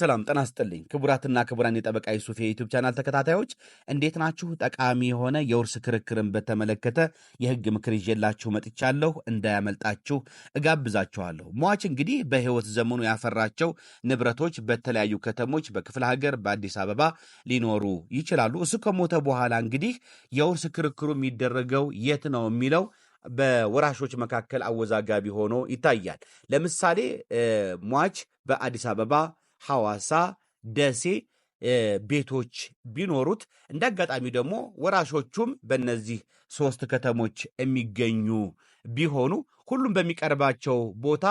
ሰላም ጤና ይስጥልኝ ክቡራትና ክቡራን የጠበቃ ዩሱፍ የዩቱብ ቻናል ተከታታዮች እንዴት ናችሁ? ጠቃሚ የሆነ የውርስ ክርክርን በተመለከተ የህግ ምክር ይዤላችሁ መጥቻለሁ። እንዳያመልጣችሁ እጋብዛችኋለሁ። ሟች እንግዲህ በህይወት ዘመኑ ያፈራቸው ንብረቶች በተለያዩ ከተሞች በክፍለ ሀገር፣ በአዲስ አበባ ሊኖሩ ይችላሉ። እሱ ከሞተ በኋላ እንግዲህ የውርስ ክርክሩ የሚደረገው የት ነው የሚለው በወራሾች መካከል አወዛጋቢ ሆኖ ይታያል። ለምሳሌ ሟች በአዲስ አበባ ሐዋሳ፣ ደሴ ቤቶች ቢኖሩት እንደ አጋጣሚ ደግሞ ወራሾቹም በእነዚህ ሶስት ከተሞች የሚገኙ ቢሆኑ ሁሉም በሚቀርባቸው ቦታ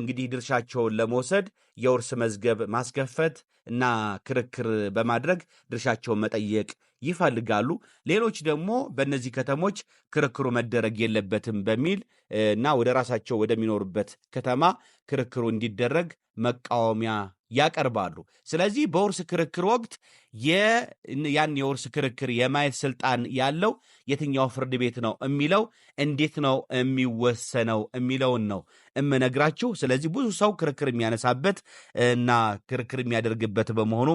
እንግዲህ ድርሻቸውን ለመውሰድ የውርስ መዝገብ ማስከፈት እና ክርክር በማድረግ ድርሻቸውን መጠየቅ ይፈልጋሉ። ሌሎች ደግሞ በእነዚህ ከተሞች ክርክሩ መደረግ የለበትም በሚል እና ወደ ራሳቸው ወደሚኖሩበት ከተማ ክርክሩ እንዲደረግ መቃወሚያ ያቀርባሉ። ስለዚህ በውርስ ክርክር ወቅት ያን የውርስ ክርክር የማየት ስልጣን ያለው የትኛው ፍርድ ቤት ነው የሚለው እንዴት ነው የሚወሰነው የሚለውን ነው እምነግራችሁ። ስለዚህ ብዙ ሰው ክርክር የሚያነሳበት እና ክርክር የሚያደርግበት በመሆኑ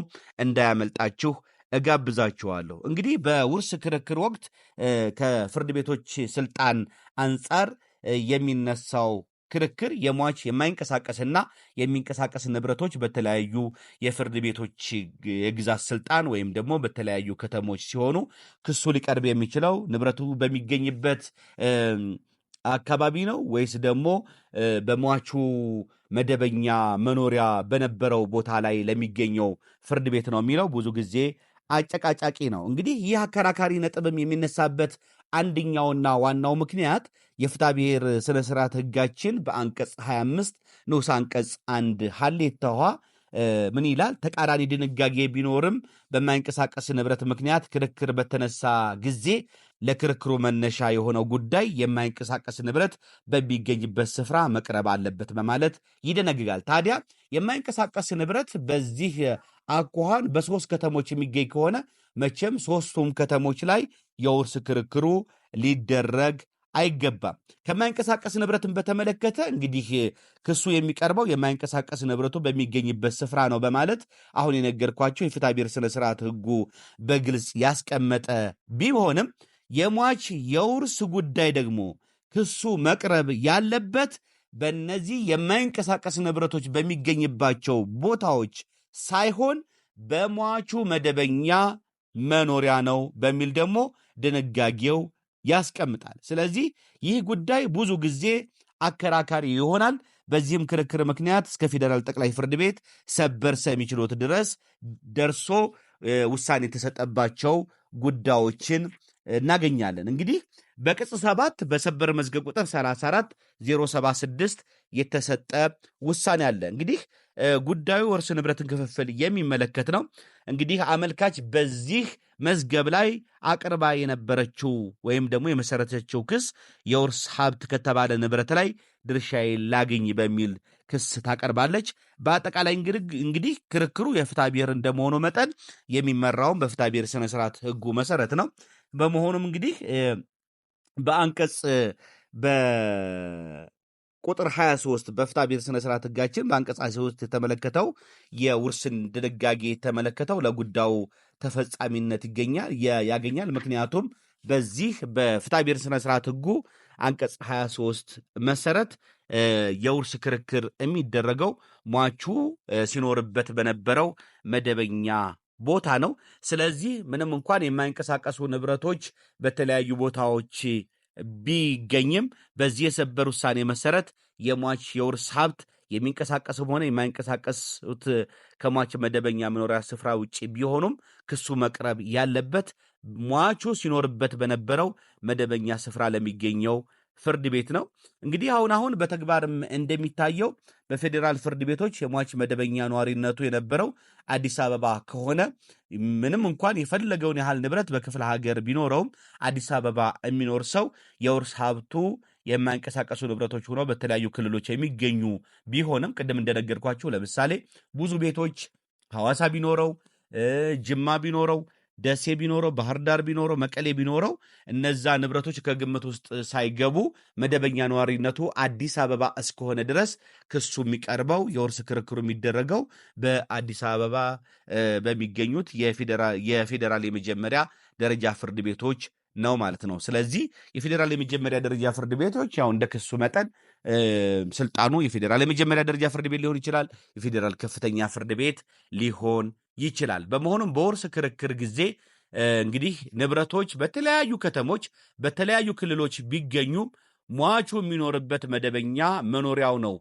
እንዳያመልጣችሁ እጋብዛችኋለሁ። እንግዲህ በውርስ ክርክር ወቅት ከፍርድ ቤቶች ስልጣን አንጻር የሚነሳው ክርክር የሟች የማይንቀሳቀስና የሚንቀሳቀስ ንብረቶች በተለያዩ የፍርድ ቤቶች የግዛት ስልጣን ወይም ደግሞ በተለያዩ ከተሞች ሲሆኑ ክሱ ሊቀርብ የሚችለው ንብረቱ በሚገኝበት አካባቢ ነው ወይስ ደግሞ በሟቹ መደበኛ መኖሪያ በነበረው ቦታ ላይ ለሚገኘው ፍርድ ቤት ነው የሚለው ብዙ ጊዜ አጨቃጫቂ ነው። እንግዲህ ይህ አከራካሪ ነጥብም የሚነሳበት አንደኛውና ዋናው ምክንያት የፍታ ብሔር ስነ ስርዓት ህጋችን በአንቀጽ 25 ንዑስ አንቀጽ አንድ ተኋ ምን ይላል? ተቃራኒ ድንጋጌ ቢኖርም በማይንቀሳቀስ ንብረት ምክንያት ክርክር በተነሳ ጊዜ ለክርክሩ መነሻ የሆነው ጉዳይ የማይንቀሳቀስ ንብረት በሚገኝበት ስፍራ መቅረብ አለበት በማለት ይደነግጋል። ታዲያ የማይንቀሳቀስ ንብረት በዚህ አኳኋን በሶስት ከተሞች የሚገኝ ከሆነ መቼም ሶስቱም ከተሞች ላይ የውርስ ክርክሩ ሊደረግ አይገባም። ከማይንቀሳቀስ ንብረትን በተመለከተ እንግዲህ ክሱ የሚቀርበው የማይንቀሳቀስ ንብረቱ በሚገኝበት ስፍራ ነው በማለት አሁን የነገርኳቸው የፍትሐብሔር ስነ ስርዓት ህጉ በግልጽ ያስቀመጠ ቢሆንም የሟች የውርስ ጉዳይ ደግሞ ክሱ መቅረብ ያለበት በእነዚህ የማይንቀሳቀስ ንብረቶች በሚገኝባቸው ቦታዎች ሳይሆን በሟቹ መደበኛ መኖሪያ ነው በሚል ደግሞ ድንጋጌው ያስቀምጣል። ስለዚህ ይህ ጉዳይ ብዙ ጊዜ አከራካሪ ይሆናል። በዚህም ክርክር ምክንያት እስከ ፌዴራል ጠቅላይ ፍርድ ቤት ሰበር ሰሚ ችሎት ድረስ ደርሶ ውሳኔ የተሰጠባቸው ጉዳዮችን እናገኛለን። እንግዲህ በቅጽ 7 በሰበር መዝገብ ቁጥር 34 076 የተሰጠ ውሳኔ አለ። እንግዲህ ጉዳዩ ወርስ ንብረትን ክፍፍል የሚመለከት ነው። እንግዲህ አመልካች በዚህ መዝገብ ላይ አቅርባ የነበረችው ወይም ደግሞ የመሰረተችው ክስ የውርስ ሀብት ከተባለ ንብረት ላይ ድርሻዬ ላግኝ በሚል ክስ ታቀርባለች። በአጠቃላይ እንግዲህ ክርክሩ የፍታ ብሔር እንደመሆኑ መጠን የሚመራውም በፍታ ብሔር ስነስርዓት ህጉ መሰረት ነው። በመሆኑም እንግዲህ በአንቀጽ ቁጥር 23 በፍታ ቤተ ስነ ስርዓት ህጋችን በአንቀጽ 23 የተመለከተው የውርስን ድንጋጌ የተመለከተው ለጉዳዩ ተፈጻሚነት ይገኛል ያገኛል። ምክንያቱም በዚህ በፍታ ቤተ ስነ ስርዓት ህጉ አንቀጽ 23 መሰረት የውርስ ክርክር የሚደረገው ሟቹ ሲኖርበት በነበረው መደበኛ ቦታ ነው። ስለዚህ ምንም እንኳን የማይንቀሳቀሱ ንብረቶች በተለያዩ ቦታዎች ቢገኝም በዚህ የሰበር ውሳኔ መሰረት የሟች የውርስ ሀብት የሚንቀሳቀስም ሆነ የማይንቀሳቀሱት ከሟች መደበኛ መኖሪያ ስፍራ ውጭ ቢሆኑም ክሱ መቅረብ ያለበት ሟቹ ሲኖርበት በነበረው መደበኛ ስፍራ ለሚገኘው ፍርድ ቤት ነው። እንግዲህ አሁን አሁን በተግባርም እንደሚታየው በፌዴራል ፍርድ ቤቶች የሟች መደበኛ ነዋሪነቱ የነበረው አዲስ አበባ ከሆነ ምንም እንኳን የፈለገውን ያህል ንብረት በክፍለ ሀገር ቢኖረውም አዲስ አበባ የሚኖር ሰው የውርስ ሀብቱ የማይንቀሳቀሱ ንብረቶች ሆነው በተለያዩ ክልሎች የሚገኙ ቢሆንም ቅድም እንደነገርኳቸው ለምሳሌ ብዙ ቤቶች ሐዋሳ ቢኖረው ጅማ ቢኖረው ደሴ ቢኖረው ባህር ዳር ቢኖረው መቀሌ ቢኖረው እነዛ ንብረቶች ከግምት ውስጥ ሳይገቡ መደበኛ ነዋሪነቱ አዲስ አበባ እስከሆነ ድረስ ክሱ የሚቀርበው የውርስ ክርክሩ የሚደረገው በአዲስ አበባ በሚገኙት የፌዴራል የመጀመሪያ ደረጃ ፍርድ ቤቶች ነው ማለት ነው። ስለዚህ የፌዴራል የመጀመሪያ ደረጃ ፍርድ ቤቶች ያው እንደ ክሱ መጠን ስልጣኑ የፌዴራል የመጀመሪያ ደረጃ ፍርድ ቤት ሊሆን ይችላል፣ የፌዴራል ከፍተኛ ፍርድ ቤት ሊሆን ይችላል። በመሆኑም በውርስ ክርክር ጊዜ እንግዲህ ንብረቶች በተለያዩ ከተሞች በተለያዩ ክልሎች ቢገኙም ሟቹ የሚኖርበት መደበኛ መኖሪያው ነው።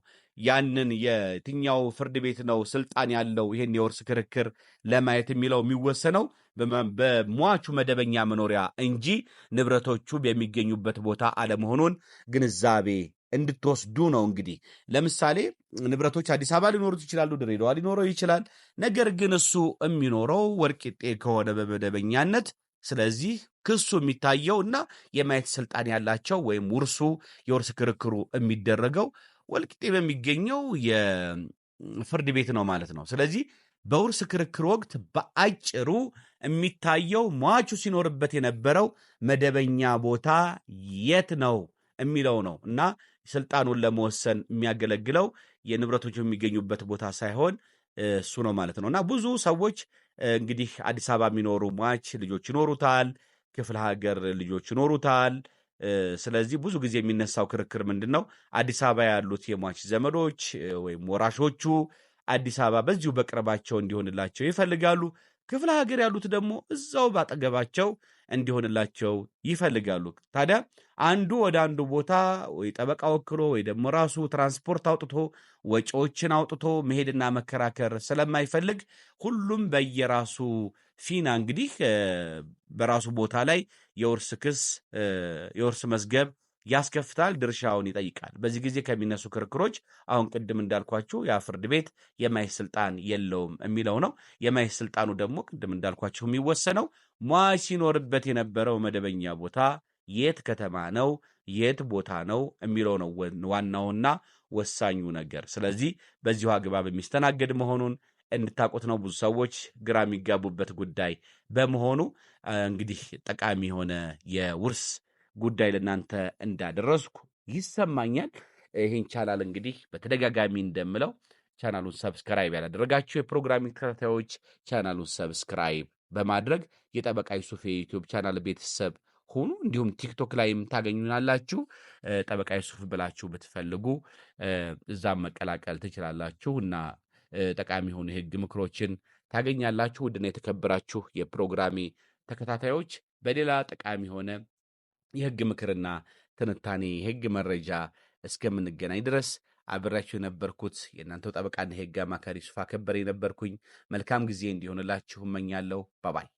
ያንን የትኛው ፍርድ ቤት ነው ስልጣን ያለው ይህን የውርስ ክርክር ለማየት የሚለው የሚወሰነው በሟቹ መደበኛ መኖሪያ እንጂ ንብረቶቹ የሚገኙበት ቦታ አለመሆኑን ግንዛቤ እንድትወስዱ ነው። እንግዲህ ለምሳሌ ንብረቶች አዲስ አበባ ሊኖሩት ይችላሉ፣ ድሬዳዋ ሊኖረው ይችላል። ነገር ግን እሱ የሚኖረው ወልቂጤ ከሆነ በመደበኛነት ስለዚህ ክሱ የሚታየው እና የማየት ስልጣን ያላቸው ወይም ውርሱ የውርስ ክርክሩ የሚደረገው ወልቂጤ በሚገኘው የፍርድ ቤት ነው ማለት ነው። ስለዚህ በውርስ ክርክር ወቅት በአጭሩ የሚታየው ሟቹ ሲኖርበት የነበረው መደበኛ ቦታ የት ነው የሚለው ነው እና ስልጣኑን ለመወሰን የሚያገለግለው የንብረቶች የሚገኙበት ቦታ ሳይሆን እሱ ነው ማለት ነው። እና ብዙ ሰዎች እንግዲህ አዲስ አበባ የሚኖሩ ሟች ልጆች ይኖሩታል፣ ክፍለ ሀገር ልጆች ይኖሩታል። ስለዚህ ብዙ ጊዜ የሚነሳው ክርክር ምንድን ነው? አዲስ አበባ ያሉት የሟች ዘመዶች ወይም ወራሾቹ አዲስ አበባ በዚሁ በቅርባቸው እንዲሆንላቸው ይፈልጋሉ። ክፍለ ሀገር ያሉት ደግሞ እዛው ባጠገባቸው እንዲሆንላቸው ይፈልጋሉ። ታዲያ አንዱ ወደ አንዱ ቦታ ወይ ጠበቃ ወክሎ ወይ ደግሞ ራሱ ትራንስፖርት አውጥቶ ወጪዎችን አውጥቶ መሄድና መከራከር ስለማይፈልግ ሁሉም በየራሱ ፊና እንግዲህ በራሱ ቦታ ላይ የውርስ ክስ የውርስ መዝገብ ያስከፍታል፣ ድርሻውን ይጠይቃል። በዚህ ጊዜ ከሚነሱ ክርክሮች አሁን ቅድም እንዳልኳችሁ ያ ፍርድ ቤት የማየት ስልጣን የለውም የሚለው ነው። የማየት ስልጣኑ ደግሞ ቅድም እንዳልኳችሁ የሚወሰነው ሟች ሲኖርበት የነበረው መደበኛ ቦታ የት ከተማ ነው፣ የት ቦታ ነው የሚለው ነው ዋናውና ወሳኙ ነገር። ስለዚህ በዚሁ አግባብ የሚስተናገድ መሆኑን እንድታቁት ነው። ብዙ ሰዎች ግራ የሚጋቡበት ጉዳይ በመሆኑ እንግዲህ ጠቃሚ የሆነ የውርስ ጉዳይ ለእናንተ እንዳደረስኩ ይሰማኛል። ይህን ቻናል እንግዲህ በተደጋጋሚ እንደምለው ቻናሉን ሰብስክራይብ ያላደረጋችሁ የፕሮግራሚንግ ተከታታዮች ቻናሉን ሰብስክራይብ በማድረግ የጠበቃ ዩሱፍ የዩቲዩብ ቻናል ቤተሰብ ሁኑ። እንዲሁም ቲክቶክ ላይም ታገኙናላችሁ። ጠበቃ ዩሱፍ ብላችሁ ብትፈልጉ እዛም መቀላቀል ትችላላችሁ እና ጠቃሚ የሆኑ የህግ ምክሮችን ታገኛላችሁ። ውድና የተከበራችሁ የፕሮግራሜ ተከታታዮች በሌላ ጠቃሚ የሆነ የሕግ ምክርና ትንታኔ፣ የሕግ መረጃ እስከምንገናኝ ድረስ አብራችሁ የነበርኩት የእናንተው ጠበቃና የሕግ አማካሪ ሱፋ ከበር የነበርኩኝ። መልካም ጊዜ እንዲሆንላችሁ እመኛለሁ። ባባይ